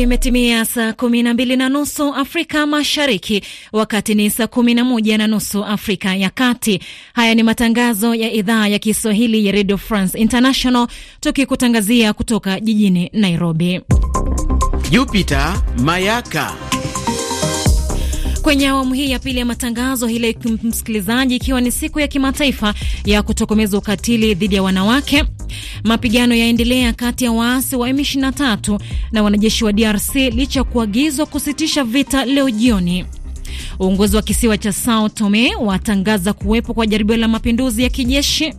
Imetimia saa kumi na mbili na nusu Afrika Mashariki, wakati ni saa kumi na moja na nusu Afrika ya Kati. Haya ni matangazo ya idhaa ya Kiswahili ya Radio France International, tukikutangazia kutoka jijini Nairobi. Jupiter Mayaka Kwenye awamu hii ya pili ya matangazo hile, msikilizaji, ikiwa ni siku ya kimataifa ya kutokomeza ukatili dhidi ya wanawake Mapigano yaendelea kati ya waasi wa M23 na wanajeshi wa DRC licha ya kuagizwa kusitisha vita leo jioni. Uongozi wa kisiwa cha Sao Tome watangaza kuwepo kwa jaribio la mapinduzi ya kijeshi.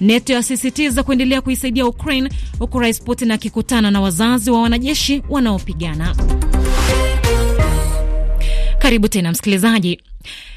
NATO yasisitiza kuendelea kuisaidia Ukraine, huku Rais Putin akikutana na wazazi wa wanajeshi wanaopigana. Karibu tena msikilizaji.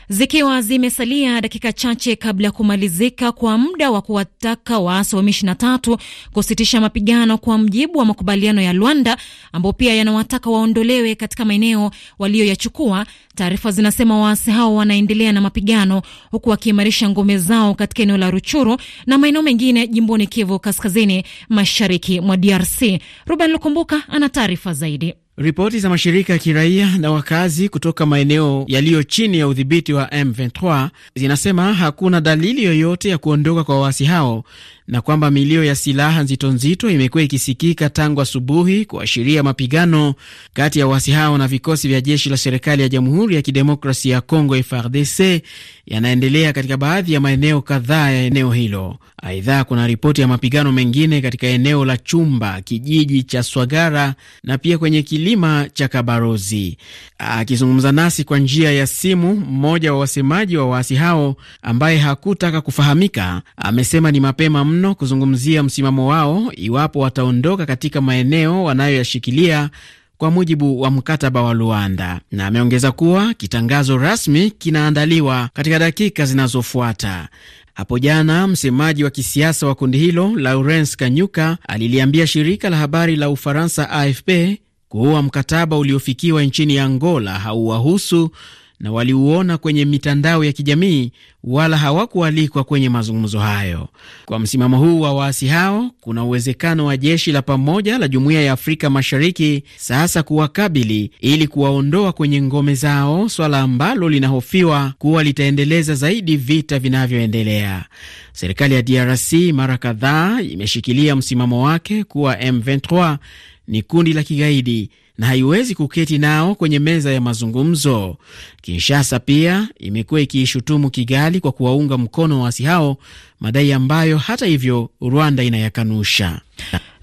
Zikiwa zimesalia dakika chache kabla ya kumalizika kwa muda wa kuwataka waasi wa M23 kusitisha mapigano kwa mjibu wa makubaliano ya Luanda ambao pia yanawataka waondolewe katika maeneo waliyoyachukua. Taarifa zinasema waasi hao wanaendelea na mapigano huku wakiimarisha ngome zao katika eneo la Ruchuru na maeneo mengine jimboni Kivu Kaskazini, mashariki mwa DRC. Ruben Lukumbuka ana taarifa zaidi. Ripoti za mashirika ya kiraia na wakazi kutoka maeneo yaliyo chini ya udhibiti wa M23 zinasema hakuna dalili yoyote ya kuondoka kwa waasi hao na kwamba milio ya silaha nzito nzito imekuwa ikisikika tangu asubuhi kuashiria mapigano kati ya waasi hao na vikosi vya jeshi la serikali ya Jamhuri ya Kidemokrasi ya Congo FRDC yanaendelea katika baadhi ya maeneo kadhaa ya eneo hilo. Aidha, kuna ripoti ya mapigano mengine katika eneo la Chumba, kijiji cha Swagara na pia kwenye kilima cha Kabarozi. Akizungumza nasi kwa njia ya simu, mmoja wa wasemaji wa waasi hao ambaye hakutaka kufahamika amesema ni mapema mno kuzungumzia msimamo wao iwapo wataondoka katika maeneo wanayoyashikilia kwa mujibu wa mkataba wa Luanda, na ameongeza kuwa kitangazo rasmi kinaandaliwa katika dakika zinazofuata. Hapo jana msemaji wa kisiasa wa kundi hilo Laurence Kanyuka aliliambia shirika la habari la Ufaransa AFP kuwa mkataba uliofikiwa nchini Angola hauwahusu na waliuona kwenye mitandao ya kijamii wala hawakualikwa kwenye mazungumzo hayo. Kwa msimamo huu wa waasi hao, kuna uwezekano wa jeshi la pamoja la Jumuiya ya Afrika Mashariki sasa kuwakabili ili kuwaondoa kwenye ngome zao, swala ambalo linahofiwa kuwa litaendeleza zaidi vita vinavyoendelea. Serikali ya DRC mara kadhaa imeshikilia msimamo wake kuwa M23 ni kundi la kigaidi na haiwezi kuketi nao kwenye meza ya mazungumzo. Kinshasa pia imekuwa ikiishutumu Kigali kwa kuwaunga mkono waasi hao, madai ambayo hata hivyo Rwanda inayakanusha.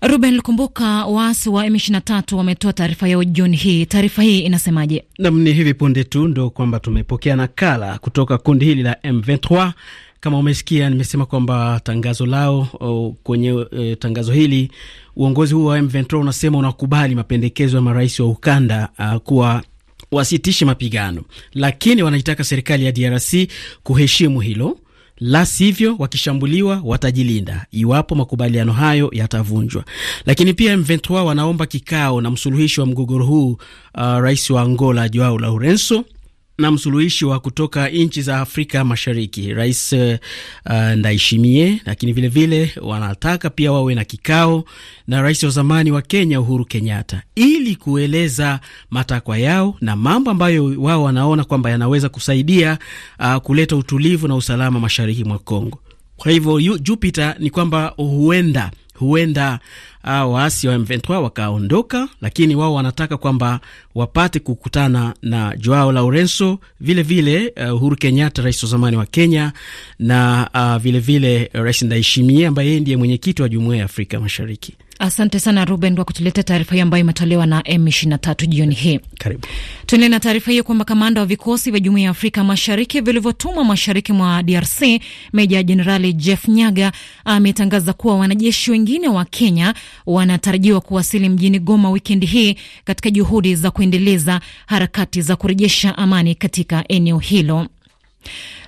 Ruben Lukumbuka, waasi wa M23 wametoa taarifa yao jioni hii. Taarifa hii inasemaje? Nam, ni hivi punde tu ndo kwamba tumepokea nakala kutoka kundi hili la M23 kama umesikia, nimesema kwamba tangazo lao o, kwenye e, tangazo hili uongozi huu wa M23 unasema unakubali mapendekezo ya marais wa ukanda a, kuwa wasitishe mapigano, lakini wanaitaka serikali ya DRC kuheshimu hilo, la sivyo wakishambuliwa watajilinda iwapo makubaliano hayo yatavunjwa. Lakini pia M23 wanaomba kikao na msuluhishi wa mgogoro huu uh, rais wa Angola Joao Lourenco na msuluhishi wa kutoka nchi za Afrika Mashariki Rais uh, uh Ndaishimie, lakini vilevile wanataka pia wawe na kikao na rais wa zamani wa Kenya Uhuru Kenyatta ili kueleza matakwa yao na mambo ambayo wao wanaona kwamba yanaweza kusaidia uh, kuleta utulivu na usalama mashariki mwa Kongo. Kwa hivyo Jupiter, ni kwamba huenda huenda Ah, waasi wa M23 wakaondoka, lakini wao wanataka kwamba wapate kukutana na Joao Laurenso, vilevile eh, Uhuru Kenyatta, rais wa zamani wa Kenya, na vilevile uh, ah, vile, eh, Rais Ndayishimiye ambaye yeye ndiye mwenyekiti wa Jumuiya ya Afrika Mashariki. Asante sana Ruben kwa kutuleta taarifa hiyo ambayo imetolewa na M23 jioni hii. Karibu tuendelee na taarifa hiyo kwamba kamanda wa vikosi vya jumuiya ya Afrika Mashariki vilivyotumwa mashariki mwa DRC meja jenerali Jeff Nyaga ametangaza kuwa wanajeshi wengine wa Kenya wanatarajiwa kuwasili mjini Goma wikendi hii katika juhudi za kuendeleza harakati za kurejesha amani katika eneo hilo.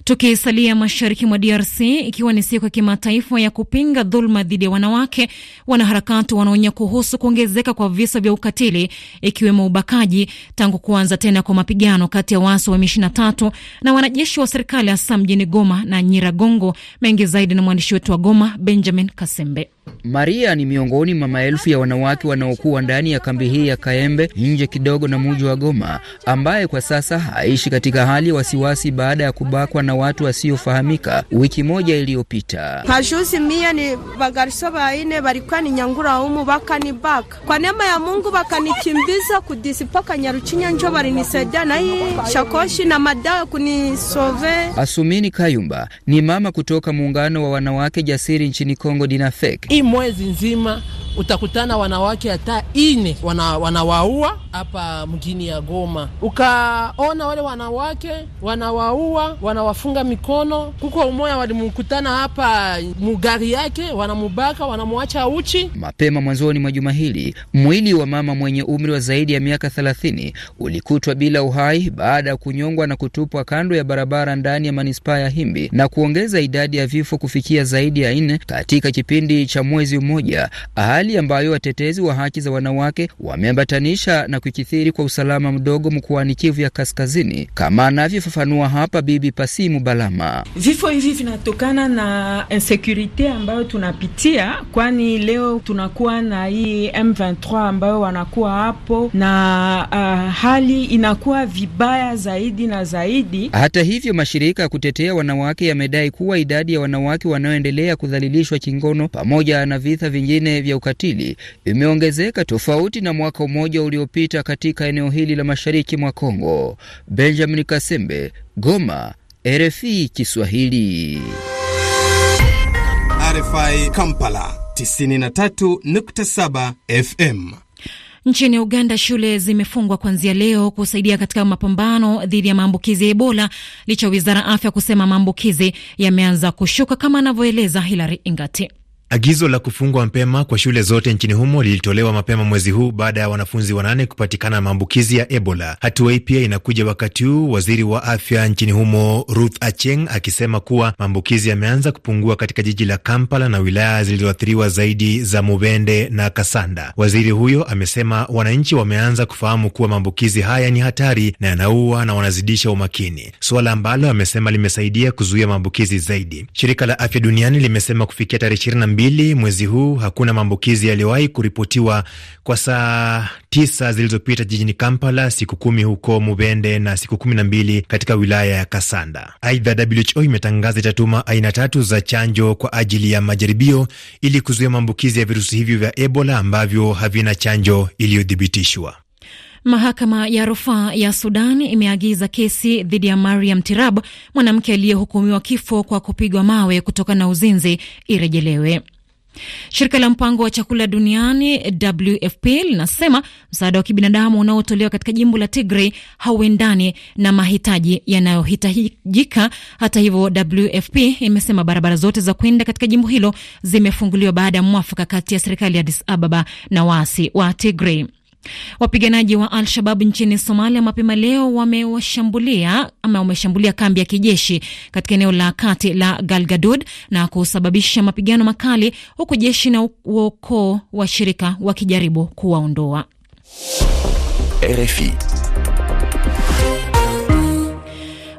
Tukisalia mashariki mwa DRC, ikiwa ni siku ya kimataifa ya kupinga dhuluma dhidi ya wanawake, wanaharakati wanaonya kuhusu kuongezeka kwa visa vya ukatili ikiwemo ubakaji tangu kuanza tena kwa mapigano kati ya waasi wa M23 na wanajeshi wa serikali hasa mjini Goma na Nyiragongo. Mengi zaidi na mwandishi wetu wa Goma, Benjamin Kasembe. Maria ni miongoni mwa maelfu ya wanawake wanaokuwa ndani ya kambi hii ya Kaembe nje kidogo na mji wa Goma, ambaye kwa sasa haishi katika hali ya wasiwasi baada ya kubakwa na watu wasiofahamika wiki moja iliyopita. pajuzi mia ni bagariso baine barikuwa ni nyangura umu bakanibaka kwa neema ya Mungu bakanikimbiza kudisipaka Nyaruchinya njo barinisaidia na hii shakoshi na madawa kunisove. Asumini Kayumba ni mama kutoka muungano wa wanawake jasiri nchini Kongo Dinafek. Limões em utakutana wanawake hata ine wana, wanawaua hapa mgini ya Goma. Ukaona wale wanawake wanawaua, wanawafunga mikono. Kuko umoya walimkutana hapa mugari yake, wanamubaka, wanamwacha uchi. Mapema mwanzoni mwa juma hili mwili wa mama mwenye umri wa zaidi ya miaka thelathini ulikutwa bila uhai baada ya kunyongwa na kutupwa kando ya barabara ndani ya manispaa ya Himbi na kuongeza idadi ya vifo kufikia zaidi ya nne katika kipindi cha mwezi mmoja. Hali hali ambayo watetezi wa haki za wanawake wameambatanisha na kukithiri kwa usalama mdogo mkoani Kivu ya Kaskazini, kama anavyofafanua hapa Bibi Pasimu Balama. Vifo hivi vinatokana na insecurity ambayo tunapitia, kwani leo tunakuwa na hii M23 ambayo wanakuwa hapo na uh, hali inakuwa vibaya zaidi na zaidi. Hata hivyo, mashirika ya kutetea wanawake yamedai kuwa idadi ya wanawake wanaoendelea kudhalilishwa kingono pamoja na vita vingine vya ukatili ukatili imeongezeka tofauti na mwaka mmoja uliopita katika eneo hili la mashariki mwa Kongo. Benjamin Kasembe, Goma, RFI Kiswahili. RFI Kampala 93.7 FM. Nchini Uganda shule zimefungwa kuanzia leo kusaidia katika mapambano dhidi ya maambukizi ya Ebola licha ya wizara ya afya kusema maambukizi yameanza kushuka, kama anavyoeleza Hilary Ingati. Agizo la kufungwa mapema kwa shule zote nchini humo lilitolewa mapema mwezi huu baada ya wanafunzi wanane kupatikana na maambukizi ya Ebola. Hatua hii pia inakuja wakati huu waziri wa afya nchini humo Ruth Acheng akisema kuwa maambukizi yameanza kupungua katika jiji la Kampala na wilaya zilizoathiriwa zaidi za Mubende na Kasanda. Waziri huyo amesema wananchi wameanza kufahamu kuwa maambukizi haya ni hatari na yanaua na wanazidisha umakini, suala ambalo amesema limesaidia kuzuia maambukizi zaidi. Shirika la afya duniani limesema kufikia tarehe mbili mwezi huu. Hakuna maambukizi yaliyowahi kuripotiwa kwa saa tisa zilizopita jijini Kampala, siku kumi huko Mubende na siku kumi na mbili katika wilaya ya Kasanda. Aidha, WHO imetangaza itatuma aina tatu za chanjo kwa ajili ya majaribio ili kuzuia maambukizi ya virusi hivyo vya Ebola ambavyo havina chanjo iliyodhibitishwa. Mahakama ya rufaa ya Sudan imeagiza kesi dhidi ya Mariam Tirab, mwanamke aliyehukumiwa kifo kwa kupigwa mawe kutokana na uzinzi, irejelewe. Shirika la mpango wa chakula duniani WFP linasema msaada wa kibinadamu unaotolewa katika jimbo la Tigray hauendani na mahitaji yanayohitajika. Hata hivyo, WFP imesema barabara zote za kwenda katika jimbo hilo zimefunguliwa baada ya mwafaka kati ya serikali ya Addis Ababa na waasi wa Tigray. Wapiganaji wa Al-Shabab nchini Somalia mapema leo wamewashambulia ama wameshambulia kambi ya kijeshi katika eneo la kati la Galgadud na kusababisha mapigano makali, huku jeshi na uokoo washirika wakijaribu kuwaondoa. RFI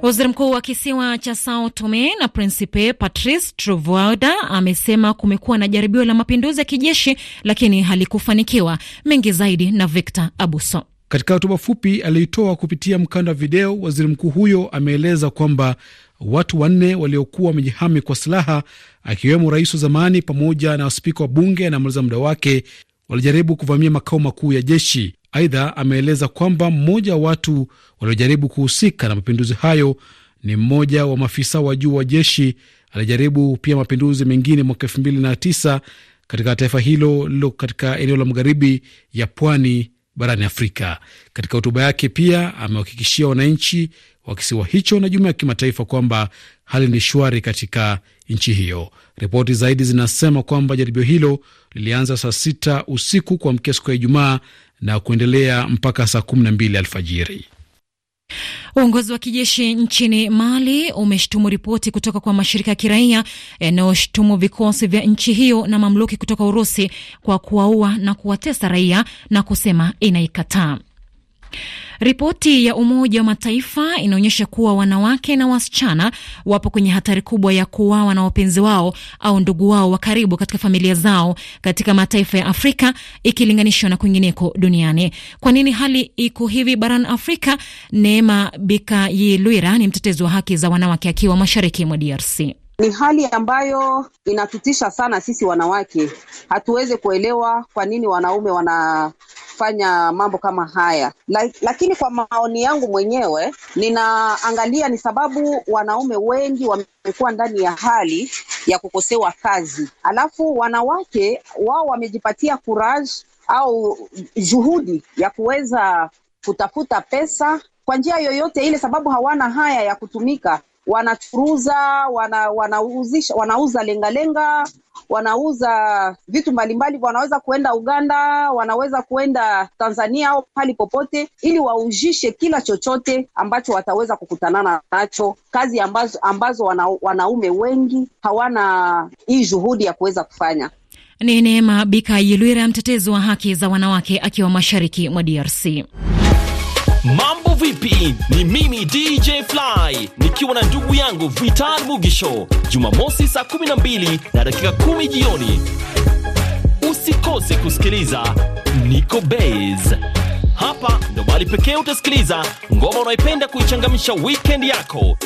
Waziri mkuu wa kisiwa cha Sao Tome na Principe Patrice Trovoada amesema kumekuwa na jaribio la mapinduzi ya kijeshi lakini halikufanikiwa. Mengi zaidi na Victor Abuso. Katika hotuba fupi aliyoitoa kupitia mkanda wa video, waziri mkuu huyo ameeleza kwamba watu wanne waliokuwa wamejihami kwa silaha, akiwemo rais wa zamani pamoja na spika wa bunge anamaliza muda wake, walijaribu kuvamia makao makuu ya jeshi. Aidha, ameeleza kwamba mmoja wa watu waliojaribu kuhusika na mapinduzi hayo ni mmoja wa maafisa wa juu wa jeshi. Alijaribu pia mapinduzi mengine mwaka elfu mbili na tisa katika taifa hilo lililo katika eneo la magharibi ya pwani barani Afrika. Katika hotuba yake pia amewahakikishia wananchi wa kisiwa hicho na jumuiya ya kimataifa kwamba hali ni shwari katika nchi hiyo. Ripoti zaidi zinasema kwamba jaribio hilo lilianza saa sita usiku kuamkia siku ya Ijumaa na kuendelea mpaka saa kumi na mbili alfajiri. Uongozi wa kijeshi nchini Mali umeshtumu ripoti kutoka kwa mashirika ya kiraia yanayoshutumu vikosi vya nchi hiyo na mamluki kutoka Urusi kwa kuwaua na kuwatesa raia na kusema inaikataa. Ripoti ya Umoja wa Mataifa inaonyesha kuwa wanawake na wasichana wapo kwenye hatari kubwa ya kuuawa na wapenzi wao au ndugu wao wa karibu katika familia zao katika mataifa ya Afrika ikilinganishwa na kwingineko duniani. Kwa nini hali iko hivi barani Afrika? Neema Bikayilwira ni mtetezi wa haki za wanawake akiwa mashariki mwa DRC. Ni hali ambayo inatutisha sana. Sisi wanawake hatuwezi kuelewa kwa nini wanaume wana kufanya mambo kama haya. La, lakini kwa maoni yangu mwenyewe ninaangalia ni sababu wanaume wengi wamekuwa ndani ya hali ya kukosewa kazi, alafu wanawake wao wamejipatia kuraj au juhudi ya kuweza kutafuta pesa kwa njia yoyote ile, sababu hawana haya ya kutumika wanachuruza wana, wanauzisha, wanauza lengalenga wanauza vitu mbalimbali, wanaweza kuenda Uganda, wanaweza kuenda Tanzania au pali popote, ili waujishe kila chochote ambacho wataweza kukutanana nacho, kazi ambazo, ambazo wana, wanaume wengi hawana hii juhudi ya kuweza kufanya. Ni Neema Yilwira, mtetezi wa haki za wanawake akiwa mashariki mwa DRC. Mambo vipi? Ni mimi DJ Fly nikiwa na ndugu yangu Vital Mugisho, Jumamosi saa 12 na dakika 10 jioni, usikose kusikiliza Niko Bas. Hapa ndo bali pekee utasikiliza ngoma unaipenda kuichangamsha wikend yako.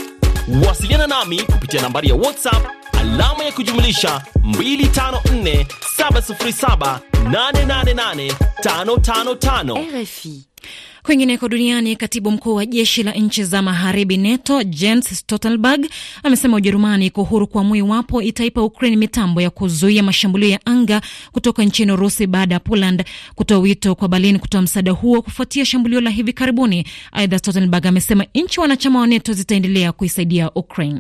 Wasiliana nami kupitia nambari ya WhatsApp alama ya kujumlisha 254 RFI. Kwingineko duniani, katibu mkuu wa jeshi la nchi za magharibi NATO Jens Stoltenberg amesema Ujerumani iko huru kuamua iwapo itaipa Ukraine mitambo ya kuzuia mashambulio ya anga kutoka nchini Urusi baada ya Poland kutoa wito kwa Berlin kutoa msaada huo kufuatia shambulio la hivi karibuni. Aidha, Stoltenberg amesema nchi wanachama wa NATO zitaendelea kuisaidia Ukraine.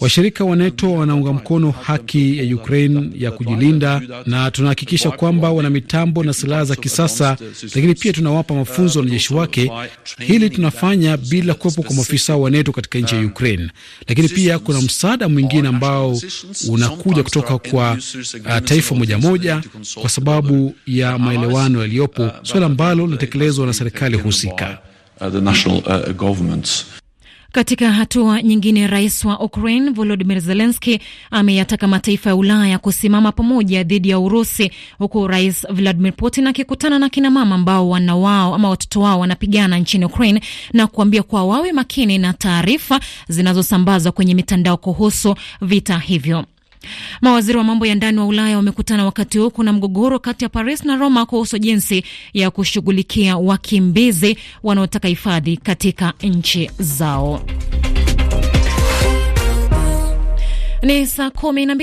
Washirika wa NATO wanaunga mkono haki ya Ukraine ya kujilinda na tunahakikisha kwamba wana mitambo na silaha silaha za kisasa, lakini pia tunawapa mafunzo wanajeshi wake. Hili tunafanya bila kuwepo kwa maafisa wa NATO katika nchi ya Ukraine, lakini pia kuna msaada mwingine ambao unakuja kutoka kwa uh, taifa moja moja kwa sababu ya maelewano yaliyopo, suala ambalo linatekelezwa na serikali husika. Uh, uh, katika hatua nyingine, rais wa Ukraine Volodimir Zelenski ameyataka mataifa ya Ulaya kusimama pamoja dhidi ya Urusi, huku rais Vladimir Putin akikutana na kinamama ambao wana wao ama watoto wao wanapigana nchini Ukraine na kuambia kuwa wawe makini na taarifa zinazosambazwa kwenye mitandao kuhusu vita hivyo. Mawaziri wa mambo ya ndani wa Ulaya wamekutana wakati huu kuna mgogoro kati ya Paris na Roma kuhusu jinsi ya kushughulikia wakimbizi wanaotaka hifadhi katika nchi zao. Ni saa kumi na mbili.